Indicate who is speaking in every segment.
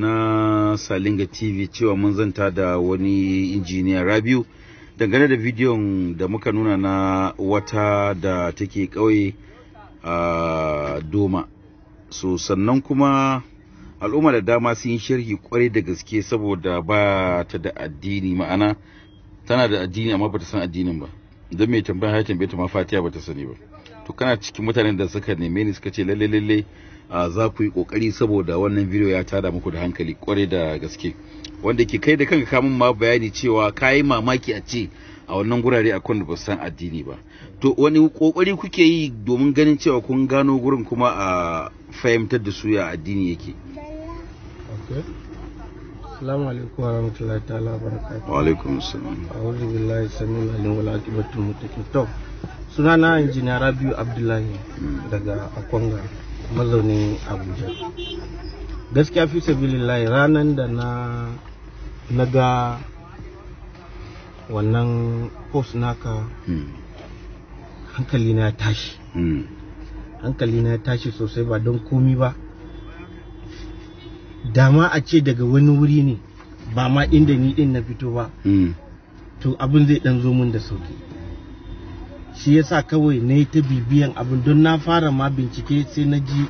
Speaker 1: na salinga tv cewa mun zanta da wani injiniya rabiu dangane da bidiyon da muka nuna na wata da take kauye a doma so sannan kuma al'umma da dama sun yi sharhi kwarai da gaske saboda ba ta da addini ma'ana tana da addini amma ba ta san addinin ba don mai tambaya ya tambaye ta ma fatiya ba ta sani ba to kana cikin mutanen da suka neme ni suka ce lalle lalle za ku yi kokari saboda wannan video ya tada muku da hankali kwarai da gaske wanda ke kai da kanka kamun ma bayani cewa kayi mamaki a ce a wannan gurare a da ba san addini ba to wani kokari kuke yi domin ganin cewa kun gano gurin kuma a fahimtar da su ya addini yake
Speaker 2: السلام عليكم ورحمة الله تعالى وبركاته وعليكم السلام أعوذ بالله السميع العليم والعاقبة المتقين تو سنانا إنجينير أبيو عبد الله دغا أكونغا mazaunin abuja gaskiya fi sabilillahi ranar da na na ga wannan post naka hmm. hankali na tashi hmm. hankali na tashi sosai ba don komi ba dama a ce daga wani wuri ne ba ma inda ni din na fito ba hmm. to abin zai dan zo mun da sauki shi yasa kawai na yi ta bibiyan abin don na fara ma bincike sai na ji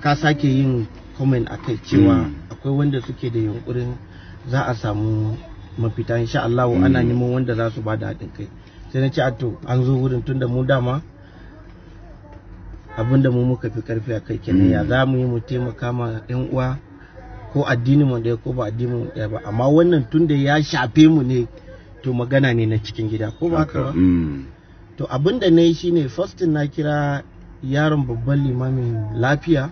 Speaker 2: ka sake yin comment a kai cewa mm. akwai wanda suke da yunkurin za a samu mafita insha Allah ana mm. neman wanda za su ba da haɗin kai sai na ce to an zo wurin tun da mu dama abin da mu muka fi karfi a kai kenan ya mm. za mu yi mu taimaka ma yan uwa ko addinin mu ɗaya ko ba addinin mu ba amma wannan tun da ya shafe mu ne to magana ne na cikin gida ko ba haka to abin da na yi shine fastin na kira yaron babban limamin lafiya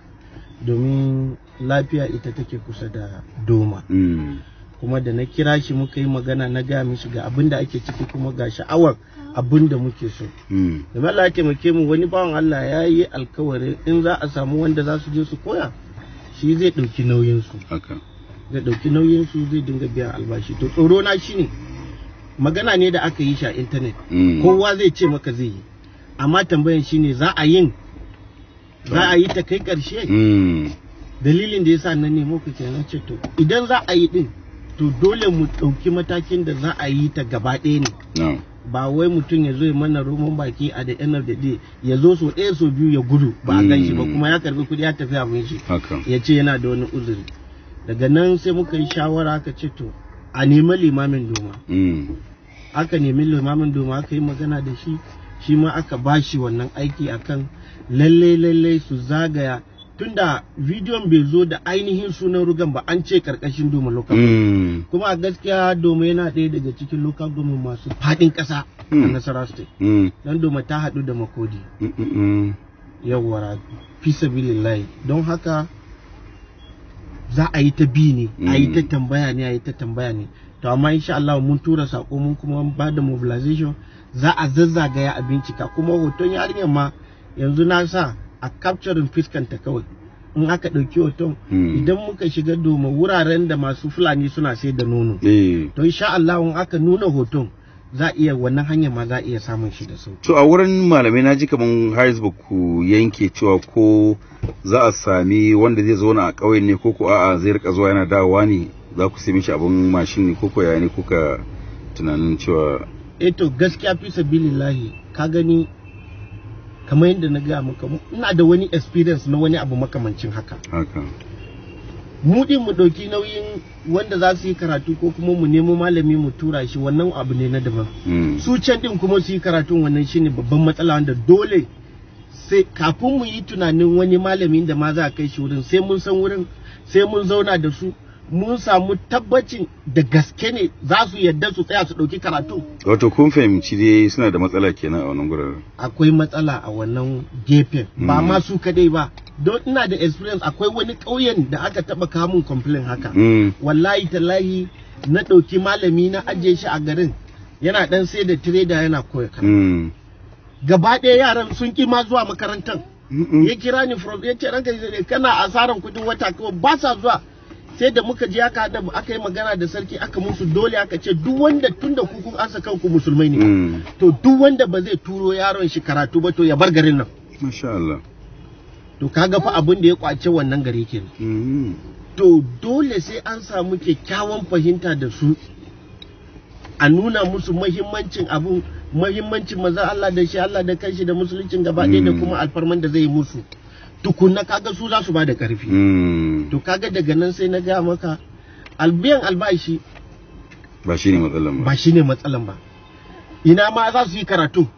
Speaker 2: domin lafiya ita take kusa da doma mm. kuma da na kira shi muka yi magana na gaya mishi ga abin da ake ciki kuma ga sha'awar abin da muke so mm. domin Allah ya taimake mu wani bawan Allah ya yi alkawarin in za a samu wanda za su je su koya shi zai ɗauki nauyinsu zai ɗauki nauyinsu zai dinga biyan albashi to tsoro na shine magana ne da aka yi shi a intanet mm. kowa zai ce maka zai yi amma tambayan shine za a yin za a yi ta kai karshe
Speaker 1: mm.
Speaker 2: dalilin da ya sa nan nemo ka kenan ce to idan za a yi din to dole mu ɗauki matakin da za a yi ta gaba ɗaya ne ba wai mutum ya zo ya mana roman baki a da end of the ya zo so ɗaya so biyu ya gudu ba a gan shi ba mm. kuma ya karbi kuɗi ya tafi abin shi ya ce yana da wani uzuri daga nan sai muka yi shawara ka ce to a nemi limamin
Speaker 1: noma
Speaker 2: aka nemi limamin doma aka yi magana da shi shi ma aka ba shi wannan aiki akan lalle lalle su zagaya tunda bidiyon bai zo da ainihin sunan rugan ba an ce karkashin doma local
Speaker 1: hmm.
Speaker 2: kuma a gaskiya doma yana ɗaya daga cikin local government masu faɗin ƙasa a hmm. nasarar state hmm. don doma ta haɗu da makodi yawwa fisa bilillahi don haka za a yi ta bi ne a yi ta tambaya ne a yi ta tambaya ne to amma insha Allah mun tura sako mun kuma ba da mobilization za a zazzagaya a bincika kuma hoton yarinyar ma yanzu na sa a capturing ta kawai in aka ɗauki hoton hmm. idan muka shiga doma wuraren da masu fulani suna sai da nono eh. to insha Allah in aka nuna hoton za a iya wannan hanyar ma za a iya samun shi da sauki.
Speaker 1: To a wurin malamai na ji kaman Harrisburg ku yanke cewa ko za a sami wanda zai zauna a ƙauyen ne ko ko a'a zai rika zuwa yana dawowa ne za ku sai mishi abin mashin ne ko ko yaya ne kuka tunanin cewa.
Speaker 2: Eh to gaskiya fi sabilillahi ka gani kamar yadda na gaya maka ina da wani experience na wani abu makamancin haka. Haka. Okay. mu din mu ɗauki nauyin wanda za su yi karatu ko kuma mu nemo malami mu tura shi wannan abu ne na daban hmm. su can din kuma su yi karatun wannan shi ne babban matsala wanda dole sai kafin mu yi tunanin wani malami da ma za a kai shi wurin sai mun san wurin sai mun zauna da su mun samu tabbacin da gaske ne za su yadda su tsaya su ɗauki karatu.
Speaker 1: Wato kun fahimci dai suna da matsala kenan a wannan guraren.
Speaker 2: Akwai matsala a wannan gefen ba hmm. ma su kadai ba don ina da experience akwai wani ƙauyen da aka taɓa kamun complain haka mm. wallahi tallahi na ɗauki malami na ajiye shi a garin yana ɗan sai da trader yana koya mm. gaba ɗaya yaran sun ƙi ma zuwa makarantar ya kira ni from ya ce ranka kana asaran kudin wata kawai ba sa zuwa sai da muka je aka da aka yi magana da sarki aka musu dole aka ce duk wanda tun da kukun asa kanku musulmai ne mm. to duk wanda ba zai turo yaron shi karatu ba to ya bar garin nan masha Allah to kaga fa abin da ya kwace wannan gari ke mm. to dole sai an samu kyakkyawan fahimta da su a nuna musu mahimmancin abu mahimmancin maza Allah da shi Allah da kanshi da musuluncin gaba ɗaya da mm. kuma alfarman da zai musu tukunna kaga su za su ba da ƙarfi mm. to kaga daga nan sai na ga maka albiyan albashi ba shi ne ba matsalan ba ina ma za su yi karatu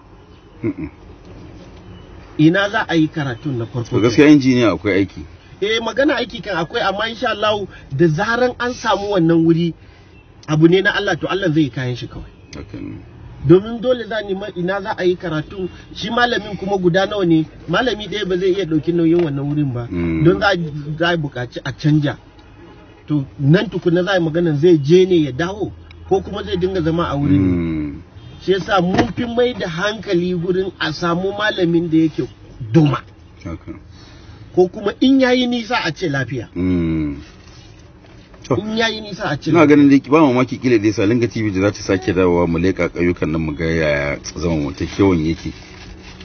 Speaker 2: ina za a yi karatun na farko gaskiya injiniya akwai aiki eh magana aiki kan akwai amma insha Allah da zaran an samu wannan wuri abu ne na Allah to Allah zai kayan shi kawai domin dole za ni ina za a yi karatu shi malamin kuma guda nawa ne malami ɗaya ba zai iya ɗauki nauyin wannan wurin ba hmm. don za a buƙaci a canja to nan tukuna za a yi magana zai je ne ya dawo ko kuma zai dinga zama a wurin hmm. shi yasa mun fi mai da hankali gurin a samu malamin da yake duma ko kuma in yayi nisa a ce lafiya hmm. in yayi nisa a ce ina
Speaker 1: ganin da ba mamaki kila dai ga tv da za ta sake dawowa mu leka kayukan nan mu ga yaya zama kyawun yake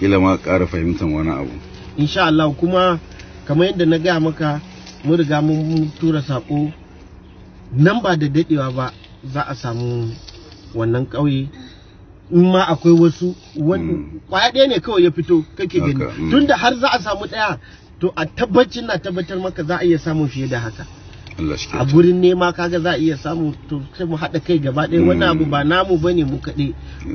Speaker 1: kila ma ƙara fahimtar wani abu
Speaker 2: insha Allah kuma kamar yadda na gaya maka mun riga mun tura sako nan ba da dadewa ba za a samu wannan ƙauye in ma akwai wasu hmm. kwaya ɗaya ne kawai ya fito kake gani hmm. tunda har za a samu ɗaya to a tabbacin na tabbatar maka za a iya samu fiye da haka a gurin nema kaga za a iya samu to sai mu haɗa kai gaba ɗaya wannan hmm. abu ba namu ba ne mu kaɗai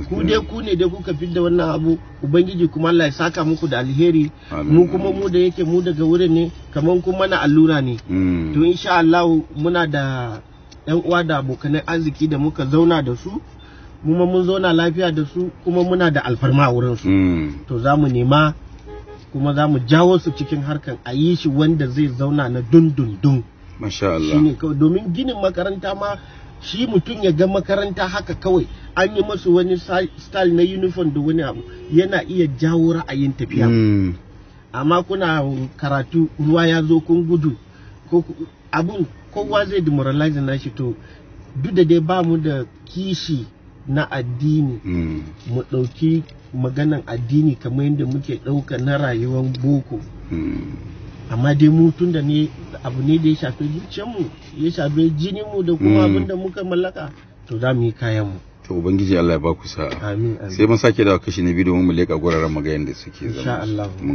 Speaker 2: ku dai ku ne dai kuka fi da wannan abu ubangiji kuma Allah ya saka muku da alheri mu kuma mu da yake mu daga wurin ne kamar kuma na allura ne to insha Allah muna da yan uwa da abokan arziki da muka zauna da su Muma mun zauna lafiya da su kuma muna da alfarma wurin su hmm. to za mu nema kuma za mu jawo su cikin harkan a yi shi wanda zai zauna na dundundun
Speaker 1: masha Allah shine
Speaker 2: domin ginin makaranta ma shi mutum ya ga makaranta haka kawai an yi masu wani style na uniform da wani abu yana iya jawo ra'ayin tafiya hmm. amma kuna karatu ruwa ya zo kun gudu abun kowa zai demoralize na shi to duk da dai ba mu da kishi na addini hmm. mu ɗauki maganan addini kamar yadda muke ɗauka na rayuwar boko hmm. amma dai mu tun da ne abu ne da ya shafi mu ya shafi jininmu da kuma hmm. abin da muka mallaka to za mu yi kayanmu
Speaker 1: to ubangiji Allah ya ba ku sa'a amin sai mun sake dawo kashi na biyu domin mu leka guraren magayan da suke zama